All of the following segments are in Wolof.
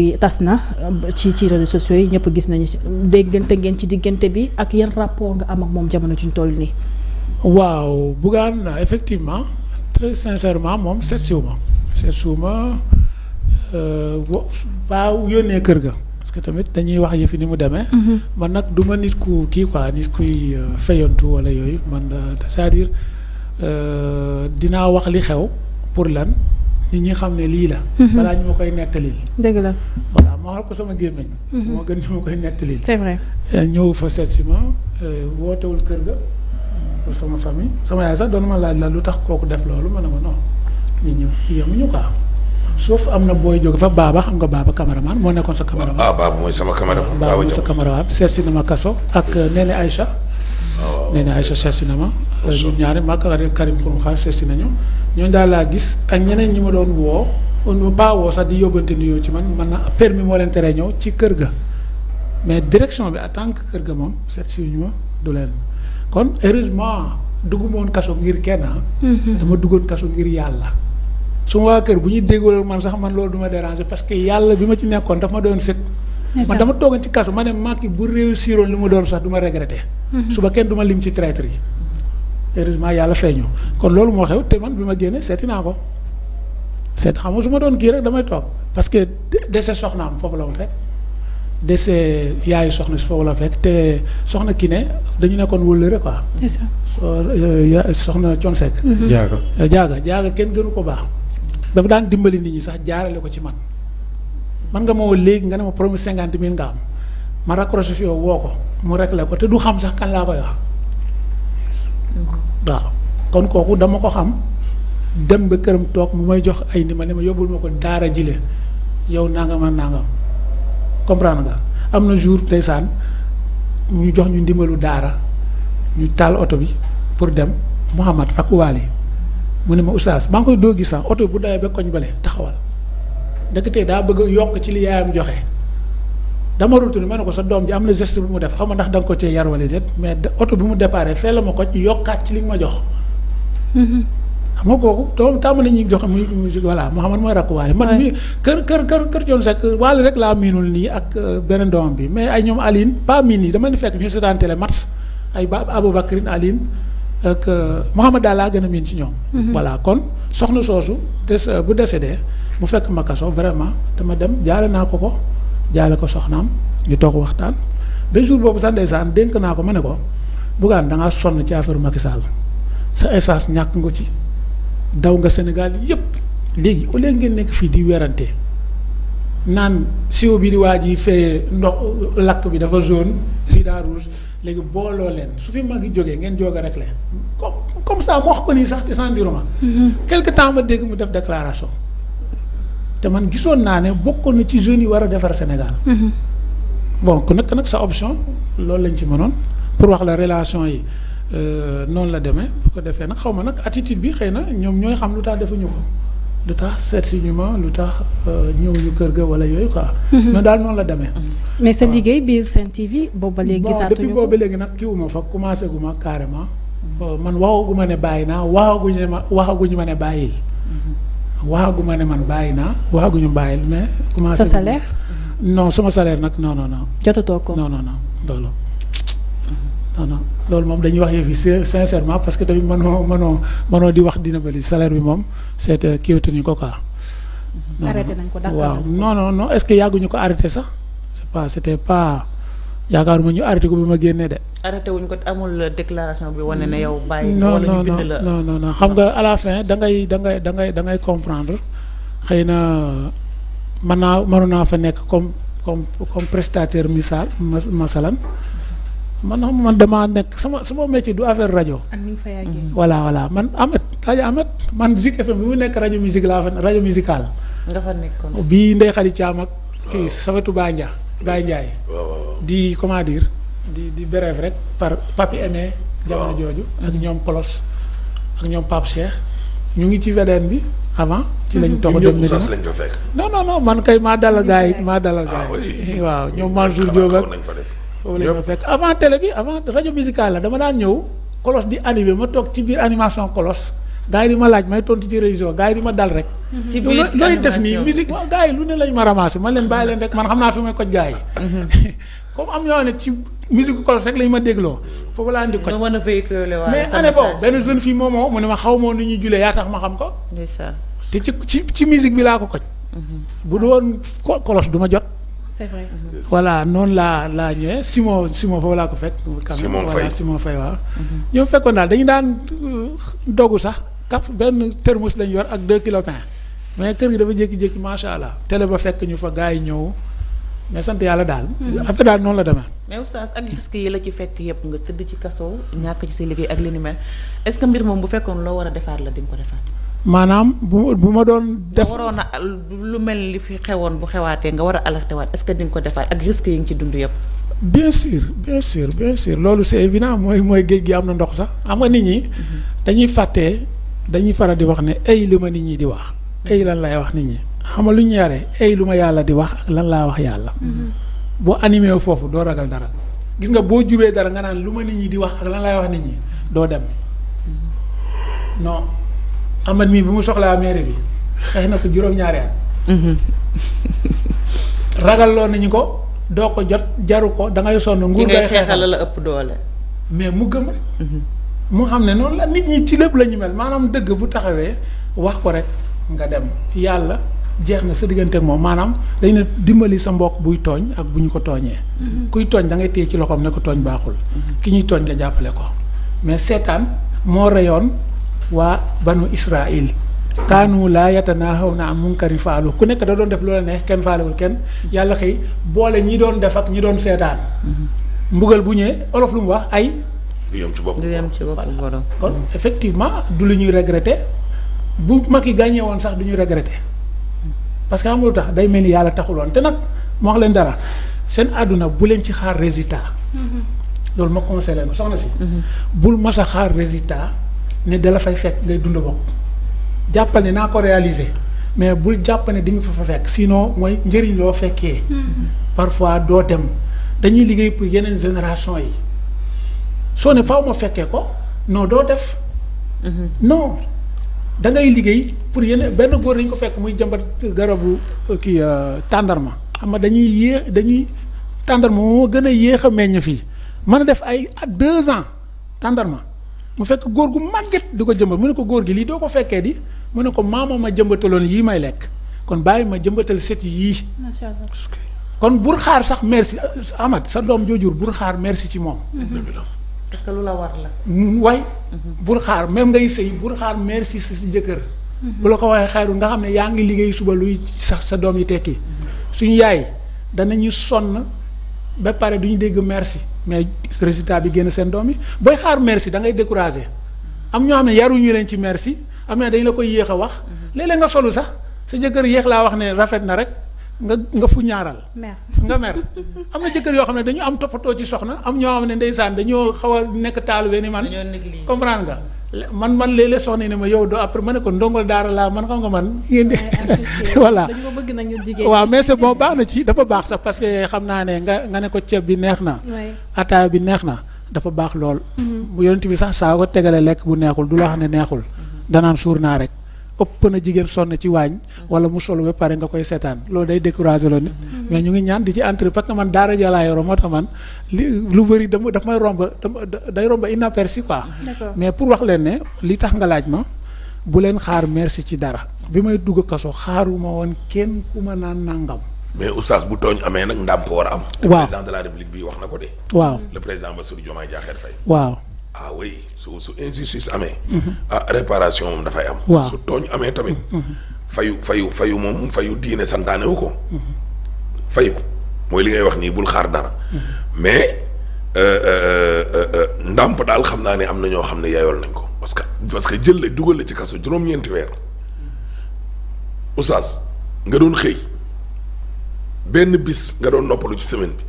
bi tas na euh, ci ci réseaux sociaux yi ñëpp gis nañu ci déggante ngeen ci diggante bi ak yan rapport nga am ak moom jamono juñ toll nii. waaw Bougane effectivement très sincèrement moom seet si wu ma seet si wu ma euh, waaw yónnee kër ga. parce que tamit dañuy wax yëfi ni mu demee. Mhm. man nag du ma nit ku kii quoi nit kuy euh, fayantu wala yooyu man c'est-à-dire dinaa wax li xew pour lan. nit ñi xam ne lii la. Mhm. balaa ñu ma koy nettalil. dëgg la voilà ma xool ko sama gémmiñ. Mhm. moo gën ñu ma koy nettalil. c'est vrai. Euh, ñëw fa seet si ma euh, wootewul kër ga pour sama famille sama yaay sax doon ma laaj la lu tax kooku def loolu ma ne ma non nit ñi yemuñu ko am. sauf am na booy jóge fa baaba xam nga baaba cameraman moo nekkoon sa cameraman. ah baaba mooy sama cameraman. seet si na ma kaso. ak nee na nee na Aïcha seesi na ma ñun ñaari mag Karim Xrum Xax seesi nañu ñooñu daal laa gis ak ñeneen ñi ma doon woo on pas woo sax di yóbbante nuyoo ci man man na permis moo leen tere ñëw ci kër ga mais direction bi en tant que kër ga moom seet si ñu ma du leen kon heureusement dugguma woon kaso ngir kenn ah. mhm. dama duggoon kaso ngir yàlla su ma waa kër bu ñu déggoo man sax man loolu duma ma déranger parce que yàlla bi ma ci nekkoon daf ma doon set man dama toogoon ci kaso ma ne Macky bu réussiroon li mu doon sax duma ma mhm. suba kenn duma ma lim ci traître yi. yàlla feeñoo kon loolu moo xew te man bi ma génnee seeti naa ko seet xam nga su ma doon kii rek damay toog parce que soxna am foofu la ma fekk dese yaayu soxna si foofu la fekk te soxna ki ne dañu nekkoon wëllëre quoi. Euh, soxna Thione Seck. Mhm. jaaga jaaga jaaga kenn gënu ko baax. dafa daan dimbali nit ñi sax jaarale ko ci man. man nga ma léegi nga ne ma problème cinquante mille nga am ma raccroché si yow woo ko mu réglé ko te du xam sax kan laa koy wax kon kooku dama ko xam dem ba këram toog mu may jox ay ni ma ne ma ko daara jile yow nangam ak nangam nga am na jour ndeysaan ñu jox ñu ndimbalu daara ñu taal oto bi pour dem Mouhamad ak Waly mu ne ma oustaz maa ngi koy doo gis sax oto bu dawee ba koñ bale taxawal ndeketee daa bëgg a yokk ci li yaayam joxe dama retourné ma ne ko sa doom ji am na geste bu mu def xam nga ndax da nga ko cee yar wala mais oto bi mu déparé fee la ma ko yokkaat ci li nga ma jox. Mm-hmm. xam nga kooku doom tàmm nañu joxe muy voilà Mouhamad mooy rakk waale. man mii kër kër kër kër Thione Seck waale rek laa miinul nii ak euh, beneen doomam bi mais ay ñoom Aline pas miin yi dama ni fekk ñu seetaan télé match ay ba Aboubacrine Aline ak euh, Mouhamad daal laa gën a miin ci ñoom. Mm-hmm. voilà kon soxna soosu des euh, bu décédé. mu fekk ma kaso vraiment dama dem jaale naa ko ko jaale ko soxnaam ñu toog waxtaan ba jour boobu sax ndeysaan dénk naa ko ma ne ko Bougane da sonn ci affaire Macky Sall sa essence ñàkk nga ci daw nga Sénégal yëpp léegi au lieu ngeen nekk fii di werante naan siwo bi di waa ji fee ndox lakk bi dafa jaune fii daa rouge léegi booloo leen su fi mag yi jógee ngeen jóg rek leen comme comme ça ma wax ko nii sax te sans ma quelque temps ma dégg mu def déclaration. te man gisoon naa ne bokkoon na ci jeunes yi war a defar Sénégal. Mhm. bon ku nekk nag sa option loolu lañ ci manoon pour wax la relation yi euh, noonu la demee bu ko defee nag xaw ma nag attitude bi xëy na ñoom ñooy xam lu tax defuñu ko lu tax seet si ñu ma lu tax euh, ñëw ñu kër ga wala yooyu quoi. Mhm. mais daal noonu la demee. Mhm. mais sa liggéey biir Sen TV boobu ba léegi. boobu léegi nag kii wu ma fa commencé gu ma carrément. Euh, man waxagu ma ne bàyyi naa waxaguñu ma waxaguñu ma ne bàyyil. waxaguma ne man bàyyi naa waxaguñu bàyyil mais. commencé sa salaire. non sama salaire nag non non non. jotatoo ko non non loolu. non loolu moom dañuy wax yëf yi sincèrement parce que tamit mënoo mënoo mënoo di wax dina bëri salaire bi moom c'est euh, kiiwatuñu ko quoi. arrêté ko d'accord waaw non non non est-ce yàgguñu ko arrêté sax c'est pas c'était pas. yaakaaruma ñu arrêté ko bi ma génnee de. arrêté wuñ ko amul déclaration bi wane ne mm. yow. no wala ñu bind la non non non xam nga à la fin da ngay da ngay da ngay comprendre xëy na man naa mënoon naa fa nekk comme comme comme prestataire misaal masalan man man damaa nekk sama sama métier du affaire rajo. Mm-hmm. voilà voilà man Ameth rajo Ameth man Zik FM bi mu nekk rajo musique laa fa rajo musicale. nga fa nekkoon bii Ndeye Khady Thiam ak kii Safetou Baye Ndiaye. di comment dire di di bref rek par papi aîné. jamono jooju ak ñoom Kolos ak ñoom Pape Cheikh ñu ngi ci VDN bi avant. ci lañ mm-hmm. toog dem Medina lañ man kay maa dalal gars maa dalal gars ah, waaw ñoom Mansour Diop ak foofu lañ ko fekk avant télé bi avant rajo musicale la dama daan ñëw Kolos di animé ma toog ci biir animation Kolos. gars yi ma laaj may tontu ci religion gars yi ma dal rek. ci biir looy def nii musique waaw gars yi lu ne lañ ma ramassé man leen bàyyi leen rek man xam naa fi may koj gars mm-hmm. comme am ñoo ne a véhiculer waaye mais année boobu ne ma xaw ma nu ñuy julee yaa tax ma ko. ndeysaan te ci ci ci bi laa ko koj. Mm-hmm. bu doon kolos du ma jot. c'est vrai. Mm-hmm. voilà noonu laa laa ñëwee Simon Simon foofu laa ko fekk. Simon Faye voilà Simon Faye waaw. ñoom fekkoon daal dañu daan euh, dogu sax. kaf benn thermos lañ yor ak deux kilo pain mais kër gi dafa jékki-jékki macha allah télé ba fekk ñu fa gars ñëw mais yàlla daal. Mm-hmm. affaire daal noonu la demee. mais oustaz ak risque yi la ci fekk yëpp nga tëdd ci kaso ñàkk ci sa liggéey ak li ni mel est ce mbir moom bu fekkoon loo war a defaat la di nga ko defaat. maanaam bu ma doon. def lu mel li fi xewoon bu xewaatee nga war a alerté waat est ce que di nga ko defaat ak risque yi nga ci dund yëpp. bien sûr bien sûr bien mooy géej gi am na ndox sax xam dañuy faral di wax ne ay lu ma nit ñi di wax ay lan lay wax nit ñi xam lu ñu yare ay lu ma yàlla di wax ak lan laa wax yàlla. Mm-hmm. boo animé foofu doo ragal dara. gis nga boo jubee dara nga naan lu ma nit ñi di wax ak lan lay wax nit ñi doo dem mm-hmm. no Amad mii bi mu soxlaa mairie bi xeex na ko juróom-ñaari at. Mm-hmm. ragal loo nañu ko doo ko jot jaru ko da ngay sonn. nguur ngay xeexal la ëpp doole. mais mu gëm mu xam ne noonu la nit ñi ci lépp la ñu mel maanaam dëgg bu taxawee wax ko rek nga dem yàlla jeex na sa diggante moom maanaam dañ ne dimbali sa mbokk buy tooñ ak bu ñu ko tooñee. Mm-hmm. kuy tooñ da ngay téye ci loxoom ne ko tooñ baaxul. Mm-hmm. ki ñuy tooñ nga jàppale ko mais seetaan moo reyoon waa banu Israil. kaanu laa naa xaw yatanaahawna an munkarin faalu ku nekk da doon def loola neex kenn faalewul kenn yàlla xëy boole ñi doon def ak ñi doon seetaan. Mm-hmm. mbugal bu ñëwee olof lu mu wax ay. du yem ci boppam du yem ci boppam kon effectivement du lu ñuy regretter bu mag yi gagné woon sax du ñuy regretter parce que xam tax day mel ni yàlla taxul woon te nag ma wax leen dara seen àdduna bu leen ci xaar résultat. Mm-hmm. loolu ma conseillé leen soxna si. Mm-hmm. bul mas xaar résultat ne dala fay fekk ngay dund bokk jàppal ne naa ko réaliser mais bul jàpp ne di nga fa fa fekk sinon mooy njëriñ loo fekkee. Mm-hmm. parfois doo dem dañuy liggéey pour yeneen génération yi. soo ne faaw ma fekkee ko noo doo def. non da ngay liggéey pour yenn benn góor dañ ko fekk muy jëmbat garabu euh, kii euh, tàndarma xam nga dañuy yée dañuy tàndarma moo gën a yéex a meññ fii mën a def ay deux ans tàndarma mu fekk góor gu màgget di ko jëmbat mu ne ko góor gi lii doo ko fekkee di mu ne ko maama ma jëmbataloon yii may lekk kon bàyyi ma jëmbatal set yii. macha kon bur xaar sax merci Amad sa doom joojur bur xaar merci ci moom. parce que lu la war la. waay. bul xaar même ngay sëy bul xaar merci si si jëkkër. bu la ko waxee xayru nga xam ne yaa ngi liggéey suba luy sax sa doom yi tekki. suñu yaay danañu sonn ba pare duñu dégg merci mais résultat bi génn seen doom yi booy xaar merci da ngay découragé. am ñoo xam ne yaruñu leen ci merci am na dañ la koy yéex a wax. Mm-hmm. léeg nga solu sax sa jëkkër yéex laa wax ne rafet na rek. nga nga fu ñaaral. nga mer am na jëkkër yoo xam ne dañu am toppatoo ci soxna am ñoo xam ne ndeysaan dañoo xaw a nekk taalibe ni man. comprendre nga. man man léeg-léeg soxna ne ma yow doo après ma ne ko ndongol daara laa man xam nga man. ngeen di voilà waaw mais c'est bon baax na ci dafa baax sax parce que xam naa ne nga nga ne ko ceeb bi neex na. ataaya bi neex na dafa baax lool. Mhm. bu yonent bi sax saa ko tegalee lekk bu neexul du la xam ne neexul. Mhm. danaan suur naa rek. ëpp na jigéen sonn ci waañ wala mu solo ba pare nga koy seetaan loolu day découragé la nit mm-hmm. mais ñu ngi ñaan di ci entre parce que man daara ja laa yoro moo tax man lu bëri dama daf may romba day romba inaperçu quoi mais pour wax leen ne li tax nga laaj ma bu leen xaar merci ci dara bi may dugg a kaso xaaruma woon kenn ku ma naan nangam mais oustaz bu tooñ amee nag ndam ko war am. waaw président de la république bi wax na ko de. waaw le président Bassirou waaw ah oui su su injustice amee. Mhm. ah réparation moom dafay am. waaw su tooñ amee tamit. Mhm. fayu fayu fayu moom fayu diine santaane wu ko. Mhm. fayu mooy li ngay wax nii bul xaar dara. mais euh, euh, euh, ndàmp daal xam naa ne am na ñoo xam ne yaayool nañ ko parce que parce que jël la dugal la ci kaso juróom-ñeenti weer oustaz nga doon xëy benn bis nga doon noppalu ci semaine bi.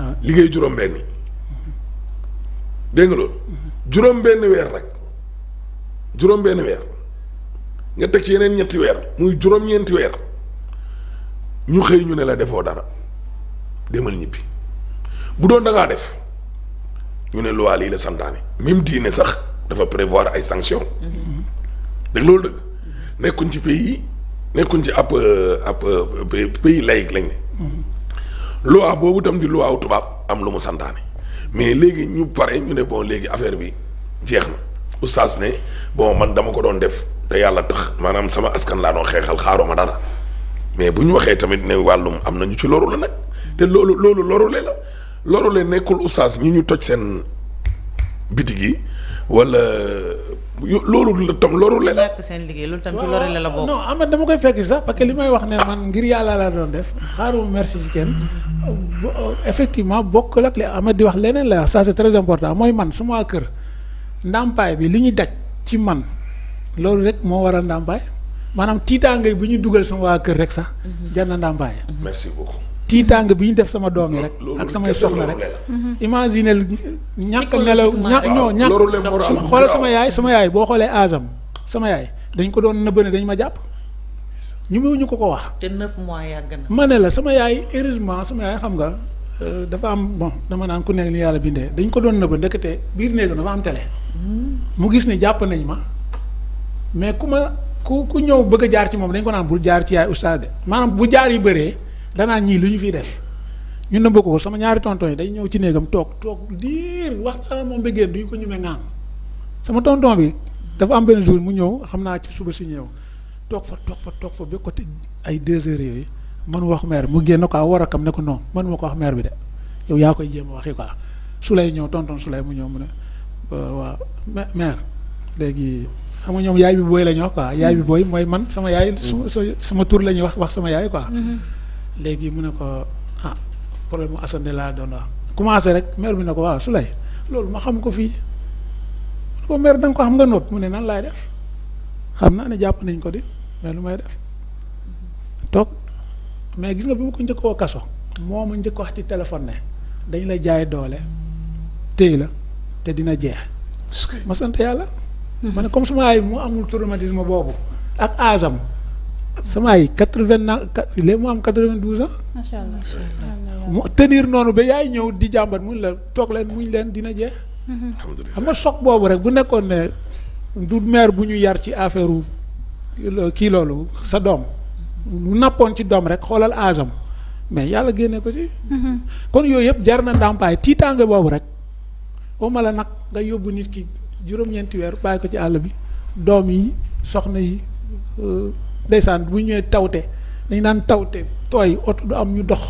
Ah. liggéey ngay juróom-benni. dégg nga loolu mm-hmm. juróom benn weer rek juróom benn weer nga teg ci yeneen ñetti weer muy juróom-ñeenti weer ñu xëy ñu ne la defoo dara demal ñibbi bu doon da def ñu ne loi lii la santaane même diine sax dafa prévoir ay sanctions mm-hmm. dëgg loolu dëgg mm-hmm. nekkuñ ci pays nekkuñ ci ab euh, ab euh, pays laïque lañ ne loi boobu tam di loi wu tubaab am lu mu santaane mais léegi ñu pare ñu ne bon léegi affaire bi jeex na oustaz ne bon man dama ko doon def te yàlla tax maanaam sama askan laa doon xeexal ma dara mais bu ñu waxee tamit ne wàllum am nañu ci loru la nag te loolu loolu lorule la lorule nekkul oustaz ñi ñu toj seen bitig yi wala loolu la loolu tam ci loru la la bokk. non Amath dama koy fekk sax parce li may wax ne man ngir yàlla laa doon def xaaruma merci ci kenn effectivement bokk la ak di wax leneen la wax ça c'est très important mooy man sama waa kër ndàmpaay bi li ñu daj ci man loolu rek moo waral ndàmpaay maanaam tiitaangay bu ñu dugal sama waa kër rek sax. Mhm. jar ndàmpaay. tiitaange bi ñu def sama doom yi rek ak samay soxna rek mm-hmm. imaginel ñàkk nelaw ñàkk ñoo ñàkk xoolal sama yaay sama yaay boo xoolee aasam sama yaay dañ ko doon nëbb ne dañ ma jàpp ñu mu ñu ko ko wax te neuf mois yàgg ma ne la sama yaay heureusement sama yaay xam nga euh, dafa am bon dama naan ku nekk ni yàlla bindee dañ ko doon nëbb ndekete biir néegu dafa am télé mm-hmm. mu gis ne jàpp nañ ma mais ku ma ku ku ñëw bëgg jaar ci moom dañ ko naan bul jaar ci yaay oustaz de maanaam bu jaar yi bëree danaa ñii lu ñu fiy def ñu nëmb ko sama ñaari tonton yi day ñëw ci néegam toog toog diir waxtaan moom bëggeen du ñu ko ñemee ngaan sama tonton bi dafa am benn mu ñëw xam naa ci suba si ñëw toog fa toog fa toog fa ba côté ay deux heures yooyu man wax maire mu génn quoi war a kam ne ko non man ma ko wax maire bi de yow yaa koy jéem a waxi su lay ñëw tonton su mu ñëw mu ne waaw maire léegi xam nga yaay bi booy la ñu wax yaay bi booy mooy man sama yaay. su sama tur la ñuy wax wax sama yaay ko léegi mu ne ko ah problème mu Assane laa doon wax commencé rek maire bi ne ko waaw Souleye loolu ma xam ko fii mu ne ko maire da ko xam nga noppi mu ne nan laay def xam naa ne jàpp nañ ko di mais lu may def toog mais gis nga bi ma ko njëkkoo kaso moo njëkk wax ci téléphone ne dañ la jaay doole téy la te dina jeex. ma sant yàlla. Hmm. ma ne comme sama ay mu amul traumatisme boobu ak aasam. sama ay quatre vingt na léegi mu am quatre vingt douze ans. macha noonu ba yaay ñëw di jàmbat muñ la toog leen muñ leen dina jeex. Mhm. alhamdulilah boobu rek bu nekkoon bu ñu yar ci affaire kii loolu sa doom. mu ci doom rek xoolal aasam mais yàlla génne ko si. Mhm. kon yooyu yëpp jar na ndàmpaay tiitaange boobu rek. waxuma nag nga yóbbu nit ki juróom weer bàyyi ko ci àll bi doom yi soxna yi. Euh, ndeysaan bu ñëwee tawte dañu daan tawte tooy oto du am ñu dox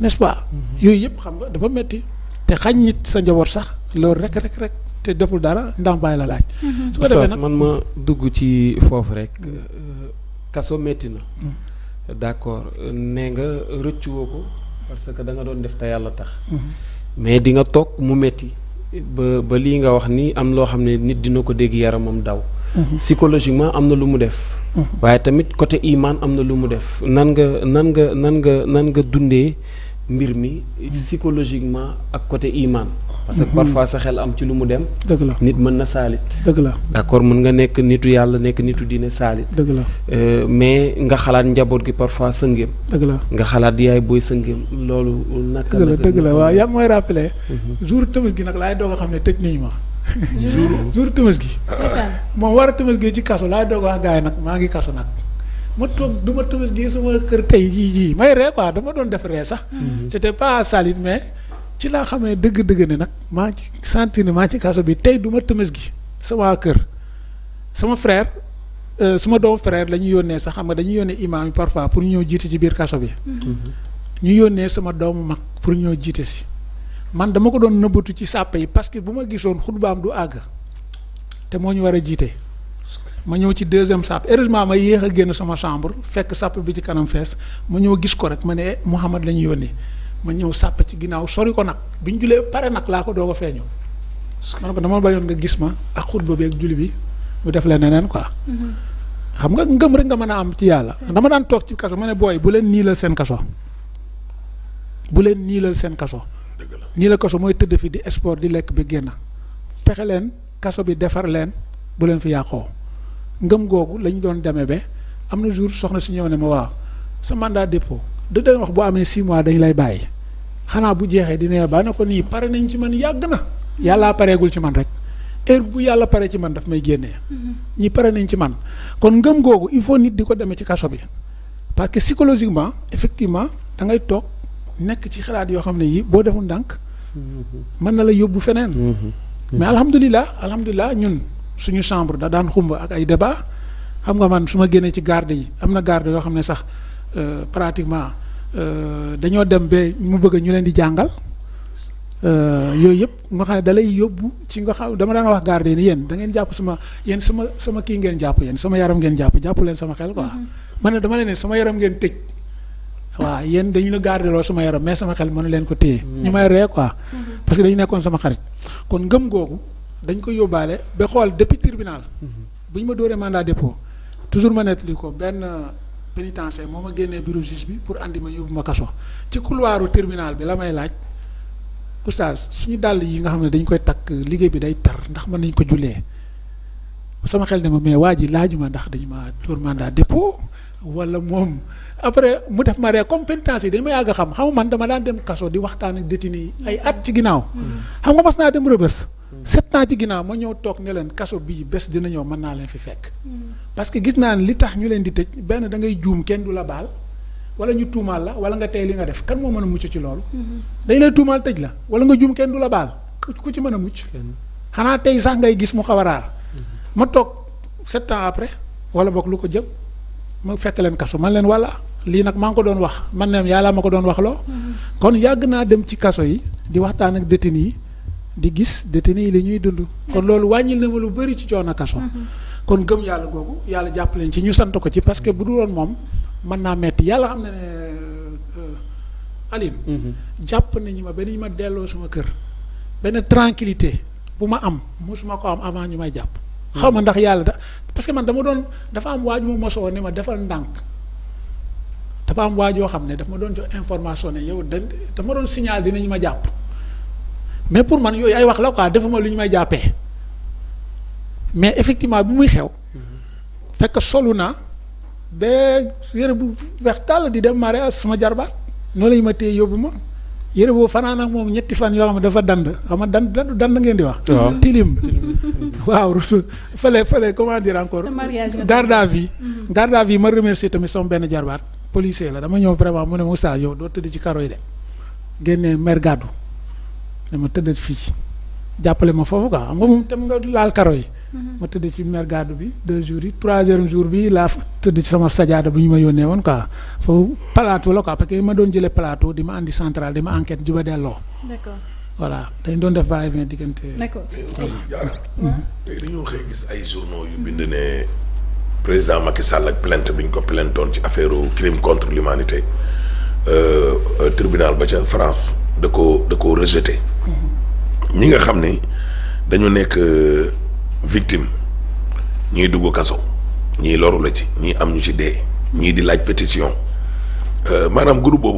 n'est-ce pas. Mhm. yooyu yëpp xam nga dafa metti te xañ nit sa njaboot sax loolu rek rek te deful dara ndax bàyyi la laaj. Mhm. su ko defee nag man ma dugg ci foofu rek mm. euh, kaso metti na. Mm. d'accord nee nga rëccuwoo ko parce que da nga doon def te yàlla tax. Mm-hmm. mais di nga toog mu metti ba ba lii nga wax ni am loo xam ne nit dina ko dégg yaramam daw. Mm-hmm. psychologiquement am na lu mu def. waaye tamit côté imaan am na lu mu def nan nga nan nga nan nga nan nga dundee mbir mi psychologiquement ak côté imaan parce que mhm. parfois sa xel am ci lu mu dem. dëgg nit mën na saalit. dëgg la d' accord mën nga nekk nitu yàlla nekk nitu dina saalit. dëgg la euh, mais nga xalaat njaboot gi parfois sëngéem. dëgg la nga xalaat yaay booy sëngéem loolu. naka la dëgg la waaw yaa mooy rappelé. Mhm. jour tëmis gi nag laay doog a xam ne tëj nañu ma. gi. ma war a tëmas gee ci kaso laay doog wax gars nag maa ngi kaso nag ma toog du ma tëmas gee sama kër tey jii jii may ree quoi dama doon def ree sax. Mhm. te pas salit mais ci laa xamee dëgg-dëgg ne nag maa ci sentir ne maa ci kaso bi tey du ma tëmas gi sama kër sama frère. Euh, suma doomu frère la ñu yónnee sax xam nga dañuy yónnee imam yi parfois pour ñëw jiite ci biir kaso bi. Mhm. ñu yónnee sama doomu mag pour ñëw jiite si. man dama ko doon nëbbatu ci sàpp yi parce que bu ma gisoon xutbaam du àgg. te moo ñu war a jiite ma ñëw ci deuxième sàpp heureusement ma yéex a génn sama chambre fekk sàpp bi ci kanam fees ma ñëw gis ko rek ma ne eh, Mouhamad la ñu yónnee ma ñëw sàpp ci ginnaaw sori ko nag bi ñu julee pare nag laa ko doo a feeñoo. ma ne ko dama bayoon nga gis ma ak xutba bi ak julli bi mu def la neneen quoi. Mm-hmm. xam nga ngëm rek nga mën a am ci yàlla. dama daan toog ci kaso ma ne booy bu leen niilal seen kaso. bu leen niilal seen kaso. dëgg la niilal kaso mooy tëdd fi di sport di lekk bi génn fexe leen. kaso bi defar leen bu leen fi yàqoo ngëm googu lañu doon demee ba am na jour soxna si ñëw ne ma waaw sa mandat dépôt da doon wax bu amee six mois dañ lay bàyyi xanaa bu jeexee dina baa ne ko nii pare nañ ci man yàgg na yàllaa pareegul ci man rek heure bu yàlla pare ci man daf may génnee mm-hmm. ñi pare nañ ci man kon ngëm googu il faut nit di ko demee ci kaso bi parce que psychologiquement effectivement da ngay toog nekk ci xalaat yoo xam ne yi boo deful ndànk mm-hmm. mën na la yóbbu feneen mm-hmm. mais hmm. alhamdulilah alhamdulilah ñun suñu chambre da daan xumba ak ay débat xam nga man su ma génnee ci garde yi am na garde yoo xam ne sax euh, pratiquement euh, dañoo dem ba mu bëgg ñu leen di jàngal euh, yooyu yëpp nga xam ne da lay yóbbu ci nga xam dama daan wax garde yi ni yéen da ngeen jàpp sama yéen sama sama kii ngeen jàpp yéen sama yaram ngeen jàpp jàpp sama xel quoi hmm. man ne dama leen ne sama yaram ngeen tëj waa yéen dañu la garde loo sama yaram mais sama xel mënu leen ko téye hmm. ñu parce que dañu nekkoon sama xarit kon ngëm googu dañ koy yóbbaale ba xool depuis tribunal bu ñu ma dóoree mandat dépôt toujours ma nettali ko benn pénitencier moo ma génnee bureau juge bi pour indi ma yóbbu ma kaso ci couloiru tribunal bi la may laaj oustaz suñu dàll yi nga xam ne dañ koy takk liggéey bi day tar ndax mën nañ ko jullee sama xel ne ma mais waa ji laaju ma ndax dañu ma dóor mandat dépôt wala moom après mu def mariage comme pénitence yi dañ ma yàgg a xam xam man dama daan dem kaso di waxtaan ak détenu ay at ci ginnaaw. Mm-hmm. xam nga mas naa dem rëbës. Mm-hmm. sept ans ci ginnaaw ma ñëw toog ne leen kaso bii bés dina ñëw mën naa leen fi fekk. Mm-hmm. parce que gis naa ne li tax ñu leen di tëj benn da ngay juum kenn du la baal. wala ñu tuumaal la wala nga tey li nga def kan moo mën a mucc ci loolu. dañ lay tuumaal tëj la wala nga juum kenn du la baal ku ci mën a mucc. xanaa tey sax ngay gis mu xaw raar ma toog sept après wala boog lu ko jëm ma fekk leen kaso man leen walla lii nag maa ngi ko doon wax man neem yàlla ma ko doon wax loo kon yàgg naa dem ci kaso yi di waxtaan ak détenu yi di gis détenu yi li ñuy dund kon loolu wàññil na ma lu bëri ci coono kaso kon gëm yàlla googu yàlla jàpp leen ci ñu sant ko ci parce que bu dul woon moom mën naa metti yàlla xam na ne euh, Aline jàpp nañu ma ba ni ma delloo suma kër benn tranquillité bu ma am musuma ko am avant ñu may jàpp xaw ma ndax yàlla da parce que man dama doon dafa am waaj ma mosoo ne ma defal ndànk dafa am waaj yoo xam ne daf ma doon jox information ne yow da dafa ma doon signal dinañ ma jàpp mais pour man yooyu ay wax la quoi defuma lu ñu may jàppee mais effectivement bi muy xew fekk solu naa ba yére bu weex tàll di dem mariage sama jarbaat noonu lañu ma téye yóbbu ma yére boobu fanaan moom ñetti fan yoo xam ne dafa dand xam nga dand dand ngeen di wax. Mm-hmm. tilim waaw fële fële comment dire encore. garde à vue mm-hmm. garde à vue ma remercier tamit sama benn jarbaat policier la dama ñëw vraiment mu ne Moussa yow doo tëdd ci karo yi de génne mer dama tëdd fii jàppale ma foofu quoi xam nga moom tam nga laal karo yi. Mm-hmm. ma tëdd ci mergadu bi deux jours yi troisième jour bi laa fa tëdd ci sama sajaada bu ñu ma yónnee woon quoi foofu plateau la quoi parce que ma doon jëlee plateau di ma andi centrale di ma enquête juba delloo. d'accord dañ doon def va et vient diggante. d'accord mm-hmm. tey dañoo xëy gis ay journaux yu bind ne président Macky Sall ak plainte bi ñu ko plaintoon ci affaire crime contre l'humanité euh, euh, tribunal ba ca France da koo da koo rejeté. Mm-hmm. ñi nga xam ne dañu nekk. victime ñii dugg kaso ñiy loru la ci ñii am ñu ci dee ñii di laaj pétition euh, maanaam groupe boobu.